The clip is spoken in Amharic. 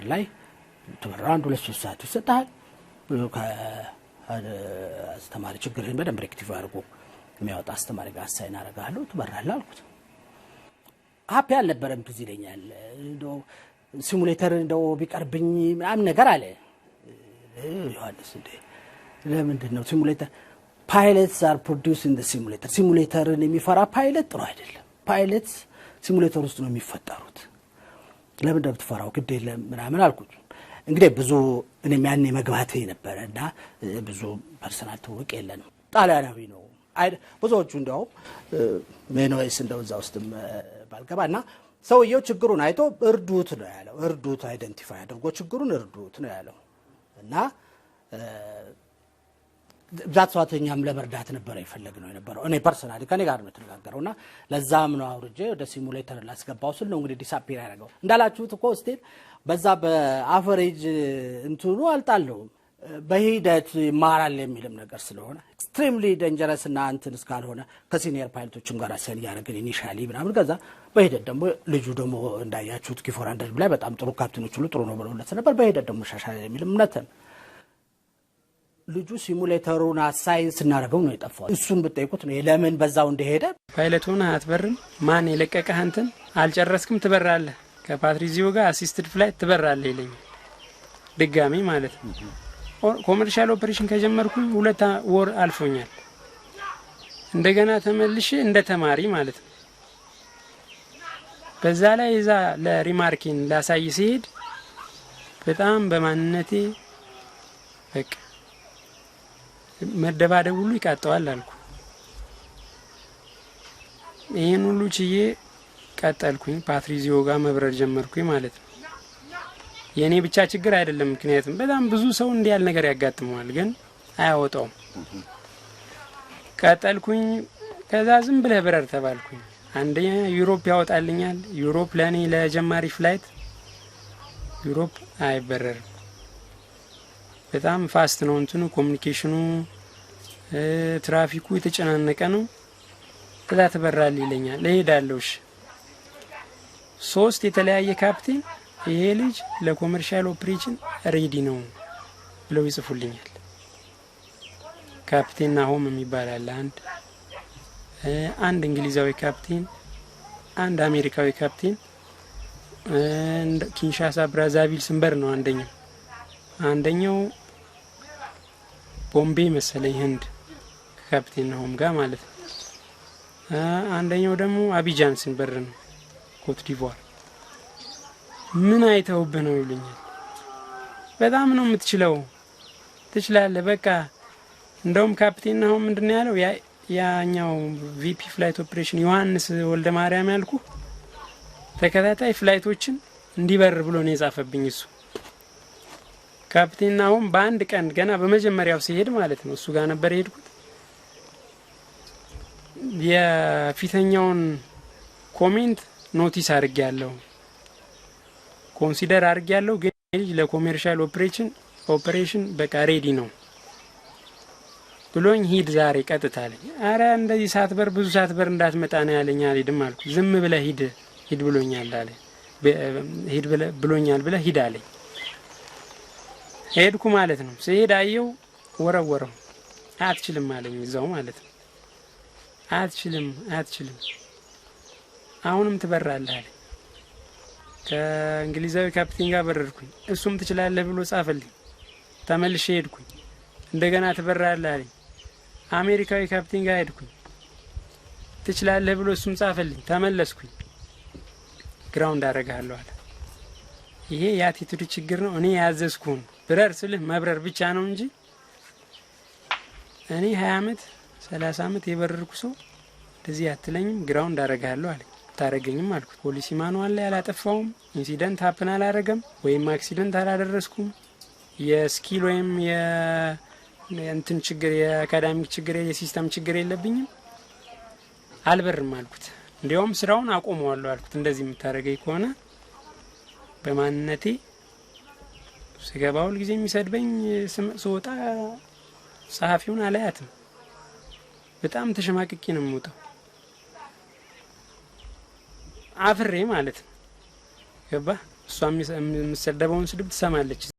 ቀን ላይ ትምህርት አንድ ሁለት ሶስት ሰዓት ይሰጥሃል። አስተማሪ ችግርህን በደንብ ሬክቲቭ አድርጎ የሚያወጣ አስተማሪ ጋር አሳይን አደርግሃለሁ ትበራለህ አልኩት። ሀፒ አልነበረም። ትዝ ይለኛል እንደው ሲሙሌተር እንደው ቢቀርብኝ ምናምን ነገር አለ ዮሐንስ። እንደ ለምንድን ነው ሲሙሌተር ፓይለት አር ፕሮዲውስ ኢን ሲሙሌተር። ሲሙሌተርን የሚፈራ ፓይለት ጥሩ አይደለም። ፓይለት ሲሙሌተር ውስጥ ነው የሚፈጠሩት። ለምን እንደምትፈራው ግድ የለም ምናምን አልኩት። እንግዲህ ብዙ እኔም ያኔ መግባቴ ነበረ እና ብዙ ፐርሰናል ትውውቅ የለንም። ጣሊያናዊ ነው ብዙዎቹ እንዲያውም ሜኖስ እንደው እዛ ውስጥም ባልገባ እና ሰውየው ችግሩን አይቶ እርዱት ነው ያለው። እርዱት አይደንቲፋይ አድርጎ ችግሩን እርዱት ነው ያለው እና ብዛትሰዋተኛም ለመርዳት ነበረ የፈለግ ነው የነበረው። እኔ ፐርሰናሊ ከኔ ጋር ነው የተነጋገረው እና ለዛም ነው አውርጄ ወደ ሲሙሌተር ላስገባው ስል ነው እንግዲህ ዲሳፒር ያደረገው። እንዳላችሁት እኮ ስቴት በዛ በአፈሬጅ እንትኑ አልጣለውም በሂደት ይማራል የሚልም ነገር ስለሆነ ኤክስትሪምሊ ደንጀረስ እና እንትን እስካልሆነ ከሲኒየር ፓይለቶችም ጋር ሰን እያደረግን ኢኒሻሊ ምናምን ከዛ በሂደት ደግሞ ልጁ ደግሞ እንዳያችሁት ኪፎር አንደድ ላይ በጣም ጥሩ ካፕቴኖች ሁሉ ጥሩ ነው ብለውለት ነበር። በሂደት ደግሞ ሻሻል የሚልም እምነት ነው ልጁ ሲሙሌተሩን ሳይንስ እናደርገው ነው የጠፋው። እሱን ብጠይቁት ነው ለምን በዛው እንደሄደ። ፓይለቱን አትበርም፣ ማን የለቀቀህ አንተን፣ አልጨረስክም ትበራለህ፣ ከፓትሪዚዮ ጋር አሲስትድ ፍላይት ትበራለህ ይለኛል። ድጋሚ ማለት ነው። ኮመርሻል ኦፕሬሽን ከጀመርኩ ሁለት ወር አልፎኛል። እንደገና ተመልሼ እንደ ተማሪ ማለት ነው። በዛ ላይ እዛ ለሪማርኪን ላሳይ ሲሄድ በጣም በማንነቴ በቃ መደባደብ ሁሉ ይቃጠዋል አልኩ። ይህን ሁሉ ችዬ ቀጠልኩኝ። ፓትሪዚዮ ጋር መብረር ጀመርኩኝ ማለት ነው። የእኔ ብቻ ችግር አይደለም። ምክንያቱም በጣም ብዙ ሰው እንዲህ ያል ነገር ያጋጥመዋል፣ ግን አያወጣውም። ቀጠልኩኝ። ከዛ ዝም ብለህ ብረር ተባልኩኝ። አንደኛ ዩሮፕ ያወጣልኛል። ዩሮፕ ለእኔ ለጀማሪ ፍላይት ዩሮፕ አይበረርም። በጣም ፋስት ነው እንትኑ ኮሚኒኬሽኑ፣ ትራፊኩ የተጨናነቀ ነው። ጥላ ትበራል ይለኛል፣ እሄዳለሁ። ሶስት የተለያየ ካፕቴን ይሄ ልጅ ለኮመርሻል ኦፕሬሽን ሬዲ ነው ብለው ይጽፉልኛል። ካፕቴን ናሆም የሚባል አለ አንድ አንድ እንግሊዛዊ ካፕቴን፣ አንድ አሜሪካዊ ካፕቴን። ኪንሻሳ ብራዛቪል ስንበር ነው አንደኛው አንደኛው ቦምቤ መሰለኝ ህንድ ከካፕቴን ሆም ጋር ማለት ነው። አንደኛው ደግሞ አቢጃን ስንበር ነው ኮት ዲቯር። ምን አይተውብህ ነው ይሉኛል። በጣም ነው የምትችለው፣ ትችላለህ፣ በቃ እንደውም ካፕቴን ሆም ምንድን ነው ያለው ያኛው ቪፒ ፍላይት ኦፕሬሽን ዮሐንስ ወልደ ማርያም ያልኩ ተከታታይ ፍላይቶችን እንዲበር ብሎ ነው የጻፈብኝ እሱ ካፕቴን አሁን በአንድ ቀን ገና በመጀመሪያው ሲሄድ ማለት ነው እሱ ጋር ነበር የሄድኩት። የፊተኛውን ኮሜንት ኖቲስ አድርጌ ያለው ኮንሲደር አድርጌ ያለው ግን ልጅ ለኮሜርሻል ኦፕሬሽን ኦፕሬሽን በቃ ሬዲ ነው ብሎኝ ሂድ ዛሬ ቀጥታ አለኝ። አረ እንደዚህ ሳት በር ብዙ ሳት በር እንዳትመጣ ነው ያለኝ። አልሄድም አልኩ። ዝም ብለህ ሂድ ሂድ ብሎኛል አለ ሂድ ብሎኛል ብለህ ሂድ አለኝ። ሄድኩ ማለት ነው። ስሄድ አየው፣ ወረወረው። አትችልም አለኝ እዛው ማለት ነው። አትችልም አትችልም፣ አሁንም ትበራለህ አለ። ከእንግሊዛዊ ካፕቴን ጋር በረርኩኝ። እሱም ትችላለህ ብሎ ጻፈልኝ። ተመልሼ ሄድኩኝ። እንደገና ትበራለህ አለኝ። አሜሪካዊ ካፕቴን ጋር ሄድኩኝ። ትችላለህ ብሎ እሱም ጻፈልኝ። ተመለስኩኝ። ግራውንድ አደርግሃለሁ አለ። ይሄ የአቲቱድ ችግር ነው። እኔ ያዘዝኩህ ብረር መብረር ብቻ ነው እንጂ እኔ ሀያ አመት ሰላሳ አመት የበረርኩ ሰው እንደዚህ አትለኝም፣ ግራውንድ አረግሃለሁ አለ። አታረገኝም አልኩት። ፖሊሲ ማንዋል ላይ አላጠፋውም፣ ኢንሲደንት ሀፕን አላረገም ወይም አክሲደንት አላደረስኩም። የስኪል ወይም የእንትን ችግር የአካዳሚክ ችግር የሲስተም ችግር የለብኝም፣ አልበርም አልኩት። እንዲያውም ስራውን አቆመዋለሁ አልኩት። እንደዚህ የምታደርገኝ ከሆነ በማንነቴ ስገባ ጊዜ የሚሰድበኝ ስወጣ ጸሐፊውን አላያትም። በጣም ተሸማቅቄ ነው የምወጣው፣ አፍሬ ማለት ነው። ገባ እሷ የምሰደበውን ስድብ ትሰማለች።